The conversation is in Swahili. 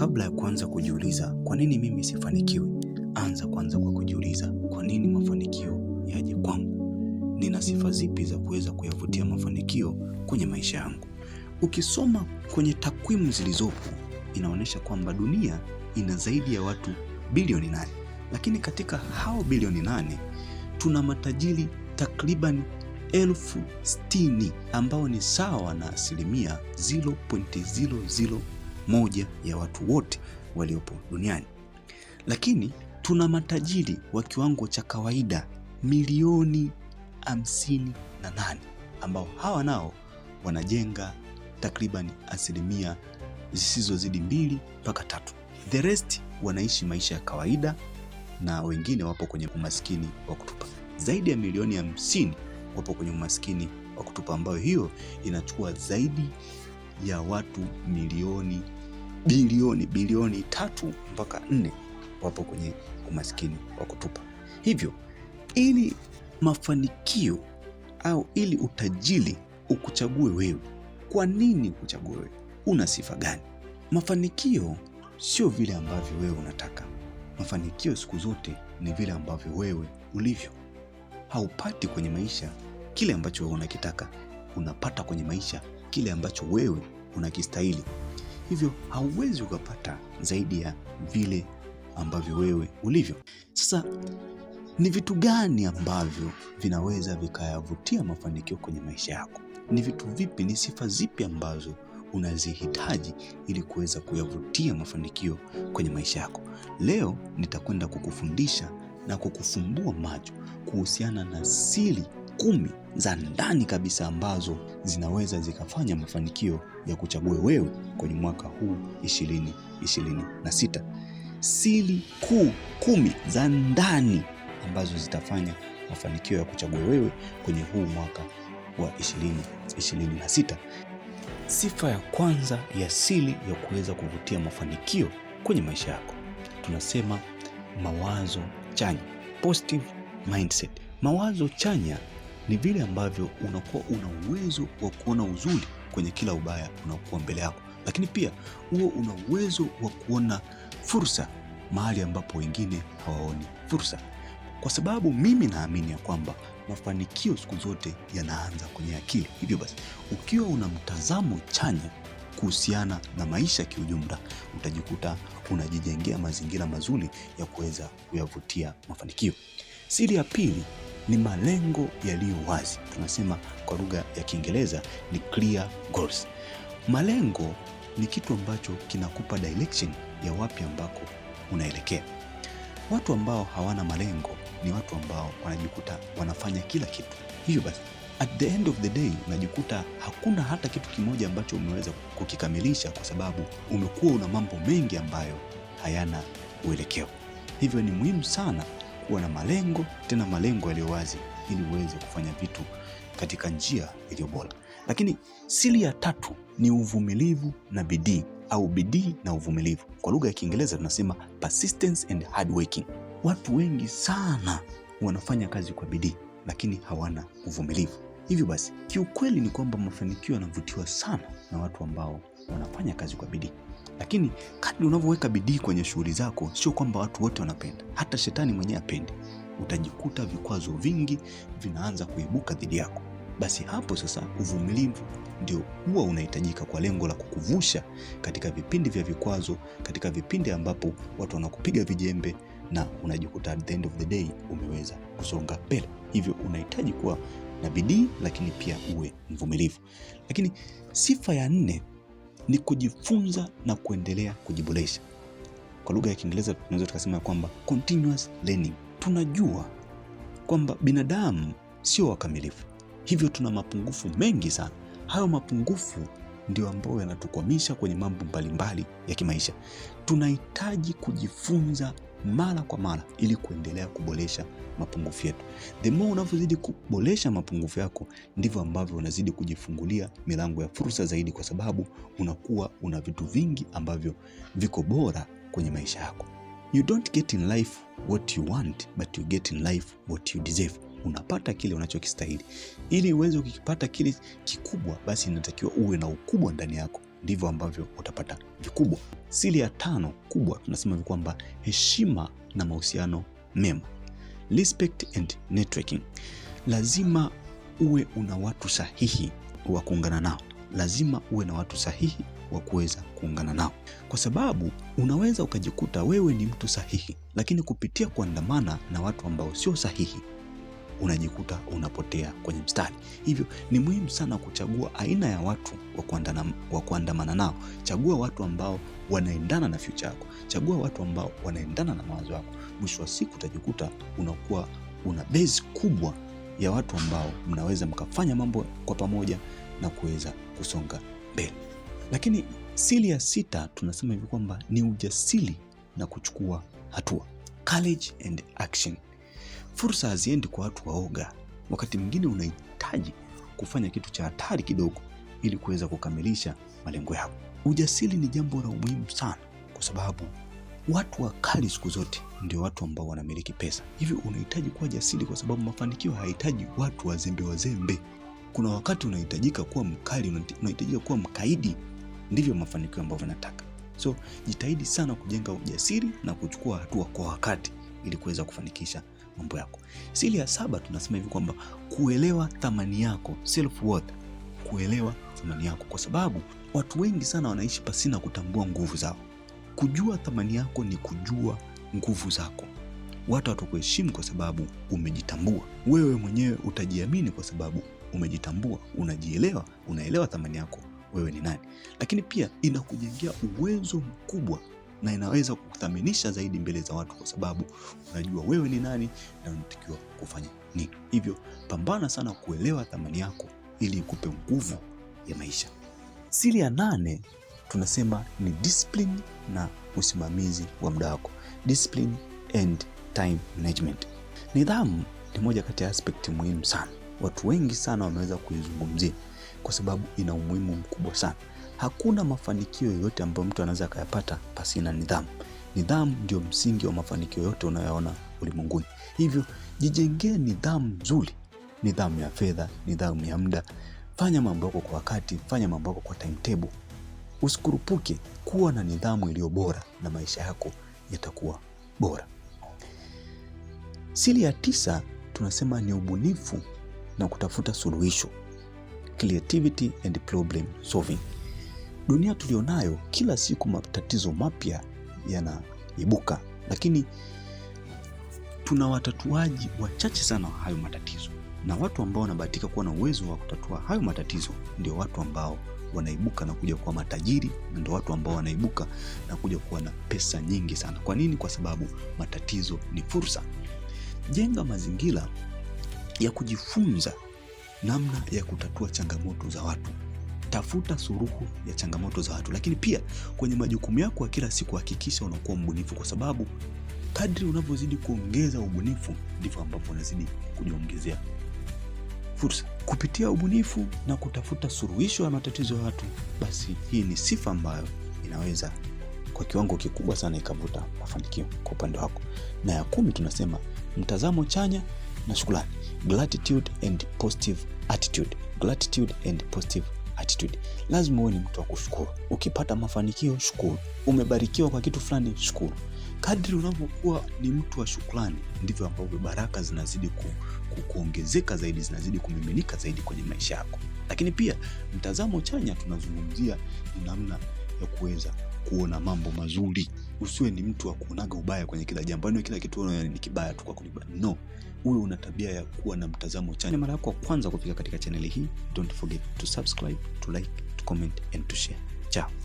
Kabla ya kuanza kujiuliza kwa nini mimi sifanikiwi, anza kwanza kwa kujiuliza kwa nini mafanikio yaje kwangu? Nina sifa zipi za kuweza kuyavutia mafanikio kwenye maisha yangu? Ukisoma kwenye takwimu zilizopo inaonyesha kwamba dunia ina zaidi ya watu bilioni nane, lakini katika hao bilioni nane tuna matajiri takriban elfu sitini ambao ni sawa na asilimia moja ya watu wote waliopo duniani, lakini tuna matajiri wa kiwango cha kawaida milioni hamsini na nane ambao hawa nao wanajenga takriban asilimia zisizozidi mbili mpaka tatu. The rest wanaishi maisha ya kawaida na wengine wapo kwenye umaskini wa kutupa. Zaidi ya milioni hamsini wapo kwenye umaskini wa kutupa, ambayo hiyo inachukua zaidi ya watu milioni bilioni bilioni tatu mpaka nne wapo kwenye umaskini wa kutupa. Hivyo ili mafanikio au ili utajiri ukuchague wewe, kwa nini ukuchague wewe? Una sifa gani? Mafanikio sio vile ambavyo wewe unataka. Mafanikio siku zote ni vile ambavyo wewe ulivyo. Haupati kwenye maisha kile ambacho wewe unakitaka, unapata kwenye maisha kile ambacho wewe unakistahili hivyo hauwezi ukapata zaidi ya vile ambavyo wewe ulivyo. Sasa ni vitu gani ambavyo vinaweza vikayavutia mafanikio kwenye maisha yako? Ni vitu vipi, ni sifa zipi ambazo unazihitaji ili kuweza kuyavutia mafanikio kwenye maisha yako? Leo nitakwenda kukufundisha na kukufumbua macho kuhusiana na siri kumi za ndani kabisa ambazo zinaweza zikafanya mafanikio ya kuchague wewe kwenye mwaka huu 2026. sili kuu kumi za ndani ambazo zitafanya mafanikio ya kuchagua wewe kwenye huu mwaka wa 2026. Sifa ya kwanza ya sili ya kuweza kuvutia mafanikio kwenye maisha yako tunasema mawazo chanya, positive mindset. Mawazo chanya ni vile ambavyo unakuwa una uwezo wa kuona uzuri kwenye kila ubaya unaokuwa mbele yako, lakini pia huo una uwezo wa kuona fursa mahali ambapo wengine hawaoni fursa, kwa sababu mimi naamini ya kwamba mafanikio siku zote yanaanza kwenye akili. Hivyo basi, ukiwa una mtazamo chanya kuhusiana na maisha kiujumla, utajikuta unajijengea mazingira mazuri ya kuweza kuyavutia mafanikio. Siri ya pili ni malengo yaliyo wazi, tunasema kwa lugha ya Kiingereza ni clear goals. Malengo ni kitu ambacho kinakupa direction ya wapi ambako unaelekea. Watu ambao hawana malengo ni watu ambao wanajikuta wanafanya kila kitu. Hivyo basi at the end of the day unajikuta hakuna hata kitu kimoja ambacho umeweza kukikamilisha, kwa sababu umekuwa una mambo mengi ambayo hayana uelekeo. Hivyo ni muhimu sana kuwa na malengo, tena malengo yaliyo wazi, ili uweze kufanya vitu katika njia iliyo bora. Lakini siri ya tatu ni uvumilivu na bidii, au bidii na uvumilivu. Kwa lugha ya Kiingereza tunasema persistence and hard working. Watu wengi sana wanafanya kazi kwa bidii, lakini hawana uvumilivu. Hivyo basi, kiukweli ni kwamba mafanikio yanavutiwa sana na watu ambao wanafanya kazi kwa bidii. Lakini kadri unavyoweka bidii kwenye shughuli zako, sio kwamba watu wote wanapenda, hata shetani mwenyewe apendi, utajikuta vikwazo vingi vinaanza kuibuka dhidi yako. Basi hapo sasa uvumilivu ndio huwa unahitajika kwa lengo la kukuvusha katika vipindi vya vikwazo, katika vipindi ambapo watu wanakupiga vijembe na unajikuta at the end of the day umeweza kusonga mbele. Hivyo unahitaji kuwa na bidii, lakini pia uwe mvumilivu. Lakini sifa ya nne ni kujifunza na kuendelea kujiboresha. Kwa lugha ya Kiingereza tunaweza tukasema kwamba continuous learning. Tunajua kwamba binadamu sio wakamilifu, hivyo tuna mapungufu mengi sana. Hayo mapungufu ndio ambayo yanatukwamisha kwenye mambo mbalimbali ya kimaisha. Tunahitaji kujifunza mara kwa mara ili kuendelea kuboresha mapungufu yetu. The more unavyozidi kuboresha mapungufu yako, ndivyo ambavyo unazidi kujifungulia milango ya fursa zaidi, kwa sababu unakuwa una vitu vingi ambavyo viko bora kwenye maisha yako. You don't get in life what you want but you get in life what you deserve. Unapata kile unachokistahili. Ili uweze kukipata kile kikubwa, basi inatakiwa uwe na ukubwa ndani yako ndivyo ambavyo utapata vikubwa. Siri ya tano kubwa tunasema kwamba heshima na mahusiano mema, respect and networking. Lazima uwe una watu sahihi wa kuungana nao, lazima uwe na watu sahihi wa kuweza kuungana nao, kwa sababu unaweza ukajikuta wewe ni mtu sahihi, lakini kupitia kuandamana na watu ambao sio sahihi unajikuta unapotea kwenye mstari. Hivyo ni muhimu sana kuchagua aina ya watu wa kuandamana nao. Chagua watu ambao wanaendana na future yako, chagua watu ambao wanaendana na mawazo yako. Mwisho wa siku utajikuta unakuwa una base kubwa ya watu ambao mnaweza mkafanya mambo kwa pamoja na kuweza kusonga mbele. Lakini siri ya sita tunasema hivi kwamba ni ujasiri na kuchukua hatua, courage and action. Fursa haziendi kwa watu waoga. Wakati mwingine unahitaji kufanya kitu cha hatari kidogo ili kuweza kukamilisha malengo yako. Ujasiri ni jambo la muhimu sana, kwa sababu watu wakali siku zote ndio watu ambao wanamiliki pesa. Hivyo unahitaji kuwa jasiri, kwa sababu mafanikio hayahitaji watu wazembe wazembe. Kuna wakati unahitajika kuwa mkali, unahitajika kuwa mkaidi, ndivyo mafanikio ambavyo nataka. So jitahidi sana kujenga ujasiri na kuchukua hatua kwa wakati ili kuweza kufanikisha mambo yako. Siri ya saba tunasema hivi kwamba kuelewa thamani yako, self worth, kuelewa thamani yako, kwa sababu watu wengi sana wanaishi pasina kutambua nguvu zao. Kujua thamani yako ni kujua nguvu zako. Watu watakuheshimu kwa sababu umejitambua. Wewe mwenyewe utajiamini kwa sababu umejitambua, unajielewa, unaelewa thamani yako, wewe ni nani. Lakini pia inakujengea uwezo mkubwa na inaweza kukuthaminisha zaidi mbele za watu, kwa sababu unajua wewe ni nani na unatakiwa kufanya nini. Hivyo pambana sana kuelewa thamani yako ili ikupe nguvu ya maisha. Siri ya nane tunasema ni discipline na usimamizi wa muda wako, discipline and time management. Nidhamu ni moja kati ya aspect muhimu sana, watu wengi sana wameweza kuizungumzia kwa sababu ina umuhimu mkubwa sana. Hakuna mafanikio yoyote ambayo mtu anaweza akayapata pasina nidhamu. Nidhamu ndio msingi wa mafanikio yote unayoona ulimwenguni. Hivyo jijengee nidhamu nzuri, nidhamu ya fedha, nidhamu ya muda. Fanya mambo yako kwa wakati, fanya mambo yako kwa timetable, usikurupuke. Kuwa na nidhamu iliyo bora na maisha yako yatakuwa bora. Siri ya tisa tunasema ni ubunifu na kutafuta suluhisho, creativity and problem solving. Dunia tulionayo, kila siku matatizo mapya yanaibuka, lakini tuna watatuaji wachache sana wa hayo matatizo, na watu ambao wanabahatika kuwa na uwezo wa kutatua hayo matatizo ndio watu ambao wanaibuka na kuja kuwa matajiri, na ndio watu ambao wanaibuka na kuja kuwa na pesa nyingi sana. Kwa nini? Kwa sababu matatizo ni fursa. Jenga mazingira ya kujifunza namna ya kutatua changamoto za watu tafuta suluhu ya changamoto za watu, lakini pia kwenye majukumu yako ya kila siku hakikisha unakuwa mbunifu, kwa sababu kadri unavyozidi kuongeza ubunifu ndivyo ambavyo unazidi kujiongezea fursa. Kupitia ubunifu na kutafuta suluhisho ya matatizo ya watu, basi hii ni sifa ambayo inaweza kwa kiwango kikubwa sana ikavuta mafanikio kwa upande wako. Na ya kumi tunasema mtazamo chanya na shukrani, gratitude and positive attitude, gratitude and positive attitude. Lazima uwe ni mtu wa kushukuru. Ukipata mafanikio, shukuru. Umebarikiwa kwa kitu fulani, shukuru. Kadri unavyokuwa ni mtu wa shukrani, ndivyo ambavyo baraka zinazidi kuongezeka zaidi, zinazidi kumiminika zaidi kwenye maisha yako. Lakini pia mtazamo chanya tunazungumzia ni namna ya kuweza kuona mambo mazuri usiwe ni mtu wa kuonaga ubaya kwenye kila jambo, yani kila kitu unaona ni kibaya tu kwako. No, uwe una tabia ya kuwa na mtazamo chanya. Mara yako ya kwanza kufika katika chaneli hii, don't forget to subscribe, to like, to comment and to share. Ciao.